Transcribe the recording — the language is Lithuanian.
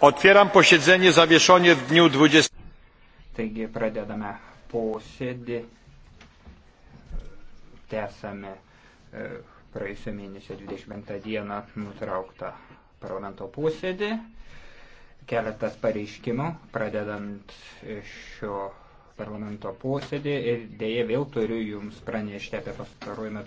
Otwieram posiedzenie zawieszone w dniu 20. Taigi pradedame posėdį. Tęsame e, praėjusio mėnesio 25 dieną nutrauktą parlamento posėdį. Keletas pareiškimų, pradedant e, šio parlamento posėdį ir dėje vėl turiu jums pranešti apie pastaruoju metu.